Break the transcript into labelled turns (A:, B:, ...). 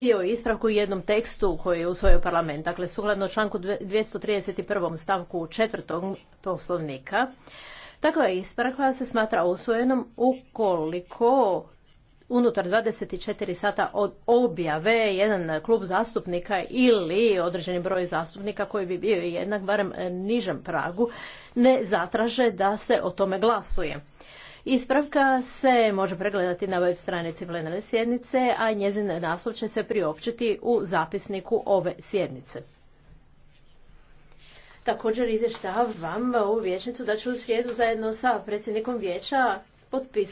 A: ...bio ispravku u jednom tekstu koji je usvojio parlament. Dakle, sukladno članku 231. stavku četvrtog poslovnika, takva ispravka se smatra usvojenom ukoliko unutar 24 sata od objave jedan klub zastupnika ili određeni broj zastupnika koji bi bio jednak barem nižem pragu ne zatraže da se o tome glasuje. Ispravka se može pregledati na web stranici plenarne sjednice, a njezin naslov će se priopćiti u zapisniku ove sjednice. Također izvještavam u vječnicu da ću u srijedu zajedno sa predsjednikom vijeća
B: potpisati